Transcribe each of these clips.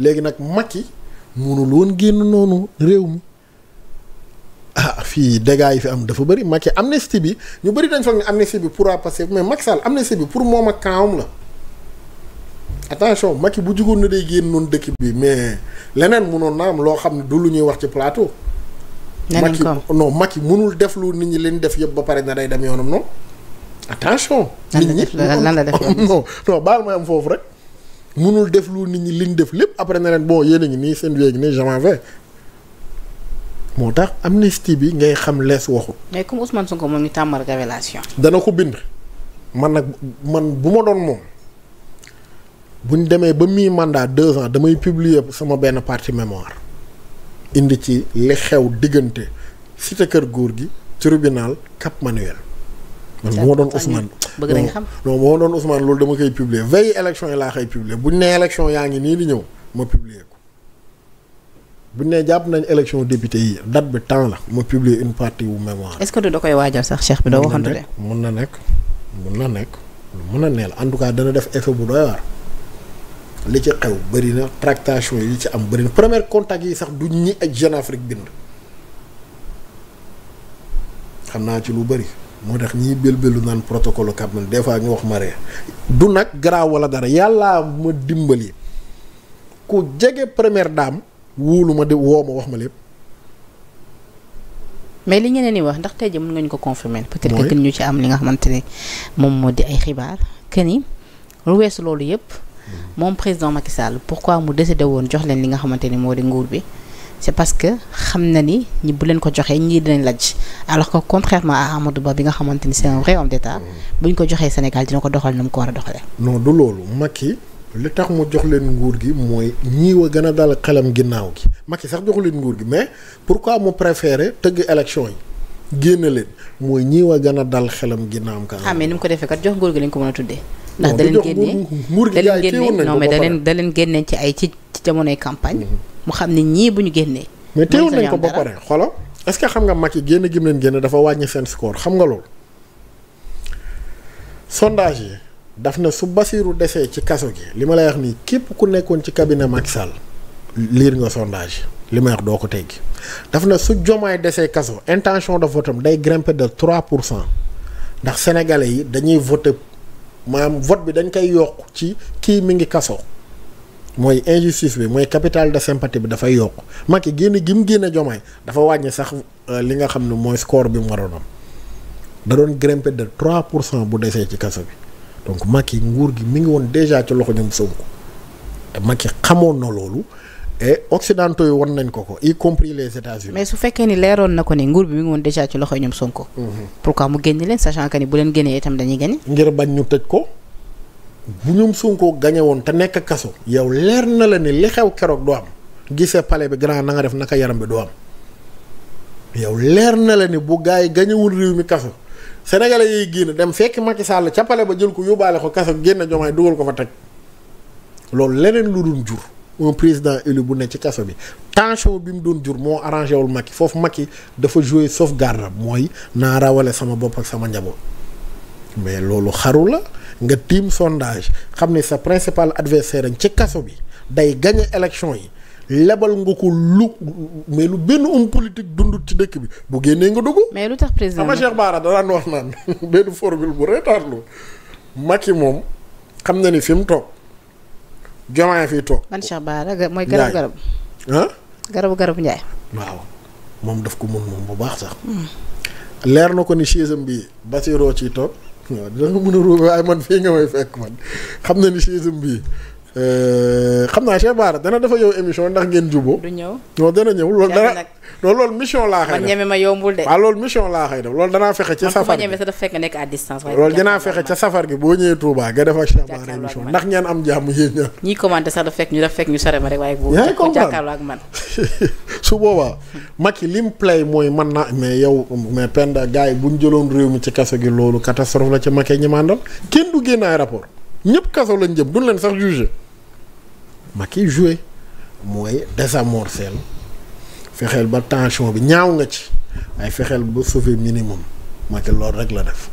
léegi nag Macky munul woon génn noonu réew mi ah fii dégâts yi fi am dafa bëri Macky amnistie bi ñu bari dañ foog ne amnistie bi pourra passer mais Macky Sall amnistie bi pour moom ak kaawam la attention Macky bu jugoon na day génn noonu dëkk bi mais leneen munoon na am loo xam ne du lu ñuy wax ci plateau. Macky non Macky munul def lu nit ñi leen def yëpp ba pare na day dem yoonam noonu attention. nit ñi lan la def non baal ma am foofu rek. mënul def lu nit ñi liñ def lépp après na leen bon yéen a ngi nii seen wéy gi nii j'en vais moo tax amnistie bi ngay xam lees waxul. mais comme Ousmane Sonko moom ñu tàmmal révélation. dana ko bind man nag man bu ma doon moom buñ demee ba mi mandat deux ans damay publier sama benn partie mémoire indi ci li xew diggante cité kër góor gi tribunal Cap Manuel. man bu ma doon Ousmane bëgg nañ xam non bu ma loolu dama koy publier veille élection yi laa koy publier buñ nee élection yaa ngi nii di ñëw ma publier ko buñ nee jàpp nañ élection député yi date bi temps la ma publier une partie wu mémoire. est-ce que du da koy waajal sax cheikh bi doo waxantu de. mun na nekk mun na nekk mun na neel en tout cas dana def effet bu doy li ci xew bëri tractation yi ci am bëri na première yi sax du ñi ak Jeune Afrique xam naa ci lu bëri. moo tax ñiy bélbélu naan protocole cap man des fois ñu wax maree du nag garaaw wala dara yàlla ma dimbali ku jege première dame wóolu ma de woo ma wax ma lépp. mais li ñeneen ni wax ndax tey jii mën nga ñu ko confirmer. peut-être que gën ñu ci am li nga xamante ne moom moo di ay xibaar que ni lu weesu loolu yëpp. Hmm. moom président Macky Sall pourquoi mu décidé woon jox leen li nga xamante ni moo di nguur bi. c'est parce que xam na ni ñi bu leen ko joxee ñii dinañ lajj alors que contrairement à Amadou Ba bi nga xamante ni c'est un vrai homme d'état mm-hmm. ñu ko joxee Sénégal dina ko doxal na mu ko war a doxalee. non du loolu Macky li tax mu jox leen nguur gi mooy ñii a gën a dal xelam ginnaaw gi Macky sax joxu leen nguur gi mais pourquoi mu préféré tëgg élection yi. génn leen mooy ñii wa gën a dal xelam ginnaam ka ah mais ni mu ko defee kat jox nguur gi lañ ko mën a tuddee. ndax da leen génnee da leen da leen da leen génnee ci ay ci ci jamonoy campagne. Mm-hmm. mu xam ne ñii bu ñu génnee. mais teewul nañ ko ba pare xoolal est-ce que xam nga Macky génn gim leen génn dafa wàññi seen score xam nga loolu. sondage yi daf na su Basirou desee ci kaso gi li ma lay wax nii képp ku nekkoon ci cabinet Macky Sall liir nga sondage li ma wax doo ko teggi daf na su Jomaay desee kaso intention de vote day grimper de 3 pour cent ndax sénégalais yi dañuy voter maanaam vote bi dañ koy yokk ci kii mi ngi kaso. mooy injustice bi mooy capital de sympathie bi dafay yokk Macky génn gi mu génne Diomaye dafa wàññi sax euh, li nga xam ne mooy score bi mu waroon am da doon grimper de 3 pour cent bu desee ci kaso bi donc Macky nguur gi mi ngi woon déjà ci loxo ñoom Sonko te Macky xamoon na loolu et occidentaux nañ ko ko y compris les États-Unis mais su fekkee ni leeroon na ko ne nguur bi mi ngi woon déjà ci loxo ñoom Sonko. Mm-hmm. pourquoi mu génn leen sachant que ni bu leen génnee itam dañuy génn. ngir bañ ñu tëj ko. bu ñoom Sonko gañe woon te nekk kaso yow leer na la ni li xew keroog du am gisee palais bi grand na nga def naka yaram bi du am yow leer na la ni bu gars yi gañewul réew mi kaso sénégalais yiy génn dem fekk Macky Sall ca pale ba jël ko yóbbaale ko kaso génn jomaay dugal ko fa teg loolu leneen lu dul jur un président élu bu ne ci kaso bi tension bi mu doon jur moo arrangé wul Macky foofu Macky dafa joué sauvegarde mooy naa rawale sama bopp ak sama njaboot nga tiim sondage xam ne sa principal adversaire am ci kaso bi day gagné élection yi lebal nga ko lu mais lu benn homme politique dundut ci dëkk bi bu génnee nga dugg. mais lu tax président ama Cheikh Bara danaan wax naan benn formule bu retardu Macky moom xam na ni fi mu toog Diomaye fi toog. man Cheikh Bara mooy garabu garabu. ah waaw moom daf ko mun moom bu baax sax. Hmm. leer na ko ni chaise bi Bassiroo ciy toog. waaw dina nga mën a ruube waaye man fii nga may fekk man xam na ni chaise bii Euh, xam naa Cheikh dana dafa yow émission ndax ngeen juboo du ñëw non dana ñëw loolu dana non loolu mission laa xëy ñeme ma yombul de waaw loolu loolu danaa fexe ca safar gi dafa fekk nekk à distance loolu danaa fexe ca safar gi boo ñëwee Touba nga def ak Cheikh Bara émission ndax ngeen am jàmm yéen ñaar ñiy commenté sax dafa fekk ñu dafa fekk ñu sore ma rek waaye bu jàkkaarloo ak man su boobaa Macky li mu play mooy man na mais yow mais Penda gars buñ jëloon réew mi ci kaso gi loolu catastrophe la ci Macky ñi mandal kenn du génn rapport ñëpp kaso lañ jëm duñ leen sax jugé ma kiy joué mooy désamorcel fexeel ba tension bi ñaaw nga ci ay fexeel ba sauver minimum ma ki loolu rek la def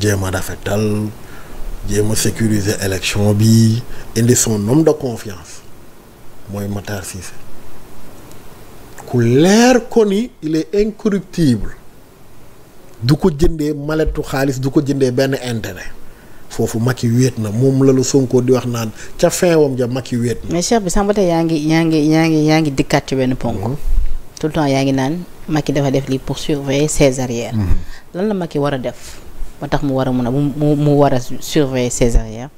jéem a rafetal jéem a sécuriser élection bi indi son homme de confiance mooy Matar Cissé ku leer ko ni il est incorruptible du ko jëndee maletu xaalis du ko jëndee benn intérêt foofu Macky wéet na moom lalu la di wax naan ca fin wam ja Macky wéet na. mais Cheikh bi sàmm ba yaa ngi yaa ngi yaa ngi yaa ngi dikkaat ci benn ponk. Mm-hmm. tout le temps yaa ngi naan Macky dafa def li pour surveiller ses arrières. Mm-hmm. lan la yi war a def ba tax mu war a mun a mu mu war a surveiller ses arrières.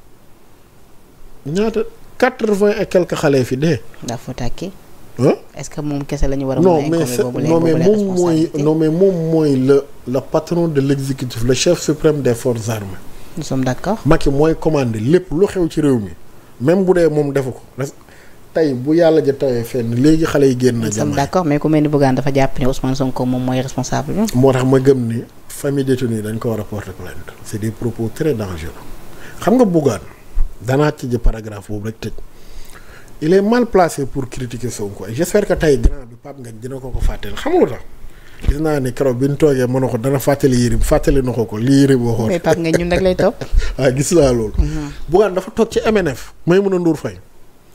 ñaata quatre vingt et quelques xale fi dee. dafa tàkki. est-ce que moom kese la ñu war a. non a non mais moom mooy moom mooy le patron de l'exécutif le chef suprême des nous sommes d'accord. Macky mooy commandé lépp lu xew ci réew mi même bu dee moom defu ko tey bu yàlla ja tawee fenn léegi xale yi génn. na jamono d'accord mais ku mel ni Bougane dafa jàpp ne Ousmane Sonko moom mooy responsable bi. moo tax ma gëm ni famille détenue yi dañ ko war a porter plainte. c'est des propos très dangereux xam nga Bougane danaa tijji paragraphe boobu rek tëj il est mal placé pour critiquer Sonko et j'espère que tey grand bi nga Ngagne dina ko ko fàtteel xam nga lu gis naa ni keroog bi ñu toogee mën na ko dana fàttali Yérim fàttali na ko ko lii Yérim waxoon. mais Pape Ngagne ñun nag lay ah, gis naa loolu. Mm-hmm. Bougane dafa toog ci MNF. Maïmouna Ndour Faye.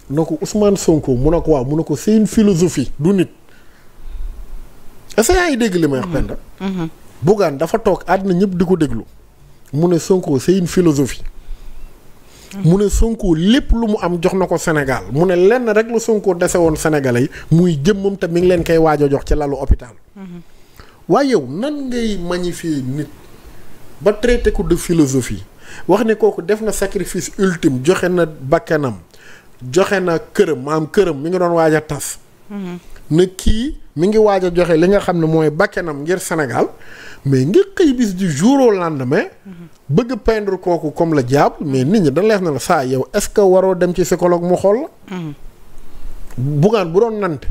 na ko Ousmane Sonko mun na ko waaw mun na ko c'est une philosophie du nit. yaa ngi dégg li may wax. Mm-hmm. Penda. Mm-hmm. dafa toog àddina ñëpp di ko déglu. mu ne Sonko c'est une mu ne lépp lu mu am jox na ko senegal mu ne lenn rek lu Sonko dese woon Sénégalais yi muy jëmmam te mi ngi leen koy waaj a jox ci lalu hôpital. waaye yow nan ngay fii nit ba traité ko de philosophie wax ne kooku def na sacrifice ultime joxe na bakkenam joxe na këram maam këram mi ngi doon waaja tas. Mhm. ne kii mi ngi waaj a joxe li nga xam ne mooy bakkanam ngir Sénégal mais ngir xëy bis di jouro au lendemain. Mhm. bëgg peindre kooku comme la diable mais nit ñi dañ lees na la saa yow est-ce que waroo dem ci psychologue mu xool la. Mhm. bugaan bu doon nante.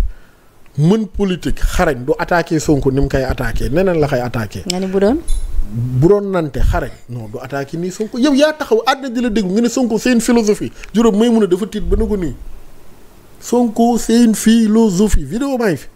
mën politique xarañ du attaqué Sonko ni mu kay attaqué neneen la koy attaqué. nga ni bu doon. bu doon nante xarañ non du attaqué nii Sonko yow yaa taxaw àddina di la dégg nga ne Sonko c'est une philosophie juróom may mun a dafa tiit ba na ko nii Sonko c'est une philosophie vidéo maa ngi fi.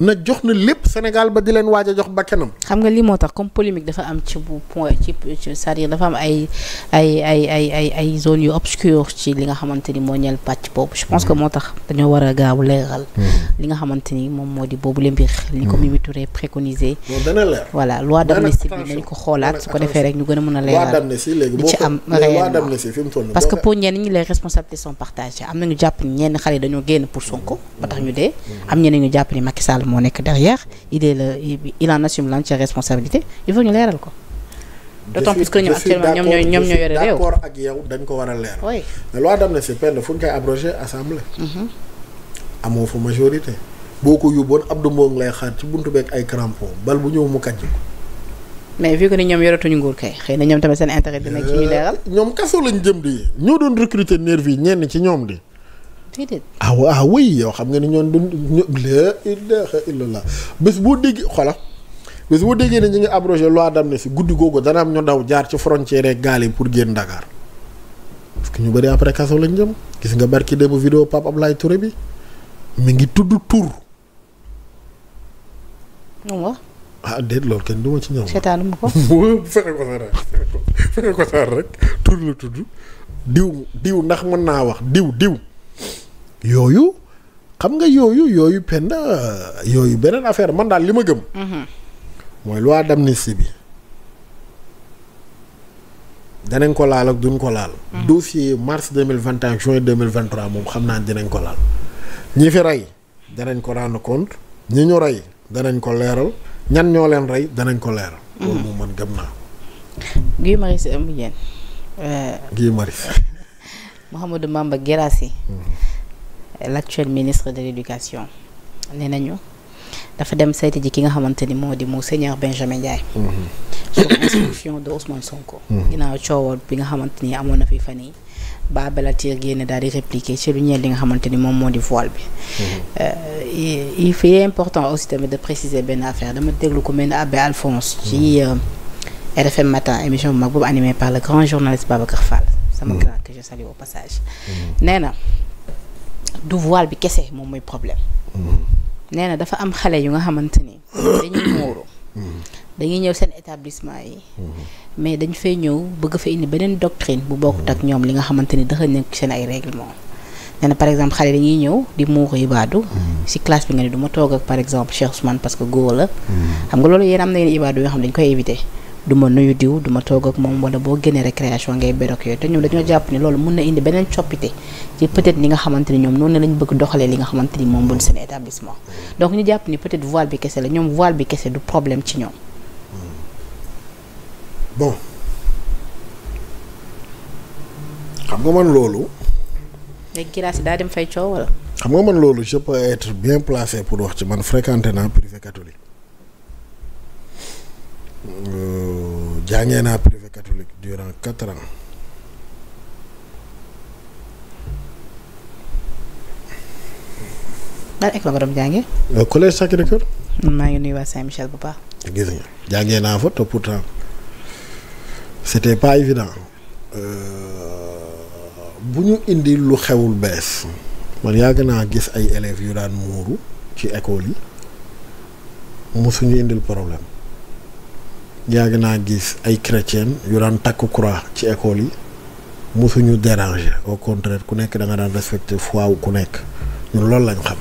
na jox na lépp Sénégal ba di leen waaj a jox ba kenam xam nga li moo tax comme polémique dafa am ci bu point ci c'est-à-dire dafa am li nga xamante ni moo ñeel pàcc boobu je pense que mm-hmm. moo tax dañoo war a gaaw leeral mm-hmm. nga xamante ni moom moo di boobu le mbir li ko Mimi Touré préconisé voilà loi d'amnistie bi nañ ko xoolaat su ko defee rek ñu gën a mën a leeral li ci am réellement parce que pour ñenn ñi les responsabilités sont partagées am nañu jàpp ni ñenn xale dañoo génn pour Sonko ba tax ñu dee mm-hmm. am ñeneen ñu jàpp ni Macky Sall moo nekk derrière il est le il en assume l'entière responsabilité il faut ñu leeral ko. d'autant plus que ñoom actuellement ñoom ñooy ñoom ñooy yore réew d'accord ak yow dañ ko war a leeral. oui mais loi d'amnistie peine fu ñu koy abrogé assemblée. Mm-hmm. amoo fa majorité. boo ko yóbboon Abdou Mbow lay xaar ci buntu beeg ay crampons bal bu ñëw mu kàjj ko. mais vu que ni ñoom yoratuñu nguur kay xëy na ñoom tamit seen intérêt dina ci leeral. ñoom kaso lañ jëm di ñoo doon recruter nervi yi ci ñoom di. déedéet ah ah yow xam nga ni ñoon du ñu la ilaha illallah boo dégg xola bés boo déggee ne ñu ngi abrogé loi d'amnistie guddi googu dana am ñu daw jaar ci frontière ak gaal yi pour génn Dakar parce ñu bëri après kaso lañ jëm gis nga barki démb vidéo Pape Ablaye Touré bi mi ngi tudd tur. Ah, du ma ci ñëw. seetaanuma fexe ko rek fexe ko tur la tudd diw diw ndax mën naa wax diw diw. yooyu xam nga yooyu yooyu penda yooyu beneen affaire man daal li ma gëm. Mhm. mooy loi d'amnistie bi. danañ ko laal ak duñ ko laal. Mhm. dossier mars deux mille vingt et un juin deux mille vingt trois moom xam naa dinañ ko laal. ñi fi rey danañ ko rendre compte ñi ñu rey danañ ko leeral ñan ñoo leen rey danañ ko leeral. Mhm. loolu moom man gëm naa ko. Guy Marius Emidiène. Guy Marius. l'actuel ministre de l'éducation nee nañu dafa dem seeti ji ki nga xamante ni moo di monseigneur Benjamin Ndiaye. Mhm. sur instruction de son Sonko. Mhm. ginnaaw coowal bi nga xamante ni amoon na fi fan yii ba Bellatier génne daal di répliquer ci lu ñeel li nga xamante ni moom moo di voile bi. Mhm. Euh, il est important aussi tamit de préciser benn affaire dama déglu ko mel ni Abbé Alphonse. ci RFM euh, matin émission bu mag boobu animée par le grand journaliste Babacar Fall. sama grand que je salue nee na. du voile bi kese moom mooy problème. Mm-hmm. nee na dafa am xale yu nga xamante ni. dañuy muuru. Mm-hmm. dañuy ñëw seen établissement yi. Mm-hmm. mais dañ fee ñëw bëgg fa indi beneen doctrine bu bokkut ak ñoom li nga xamante ni dafa nekk seen ay règlement. nee par exemple xale dañuy ñëw di muuru yi baadu. si classe bi nga ne du ma toog ak par exemple Cheikh Ousmane parce que góor la. xam nga loolu yéen am na yenn ibaadu yoo xam dañ koy éviter. du ma nuyu diw du ma toog ak moom wala boo génnee récréation ngay berok yooyu te ñoom dañoo jàpp ni loolu mun na indi beneen coppite ci peut-être li nga xamante ni ñoom noonu lañ bëgg doxalee li nga xamante ni moom buñ seen établissement donc ñu jàpp ni peut-être voile bi kese la ñoom voile bi kese du problème ci ñoom xam nga man loolu léegi kiraas yi daa dem fay coow wala xam nga man loolu je peux être bien placé pour wax ci man fréquenté naa privé catholique euh, jàngee naa privé catholique durant quatre ans euh, collège Sacré-Cœur. maa ngi nuyu waa Saint-Michel bu baax. gis nga jàngee naa fa te pourtant c'était pas évident euh, bu ñu indi lu xewul bees man yàgg naa gis ay élèves yu daan muuru ci école yi mosuñu indil problème. yàgg naa gis ay chrétiens yu daan takk croix ci école yi mosuñu déranger au contraire ku nekk da nga daan respecter foi wu ku nekk ñun loolu lañ xam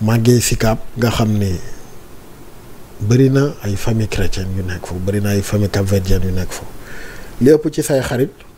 màggee Sicap nga xam ni bëri na ay famille chrétienne yu nekk fo bëri na ay famille capverdienne yu nekk fo li ëpp ci say xarit.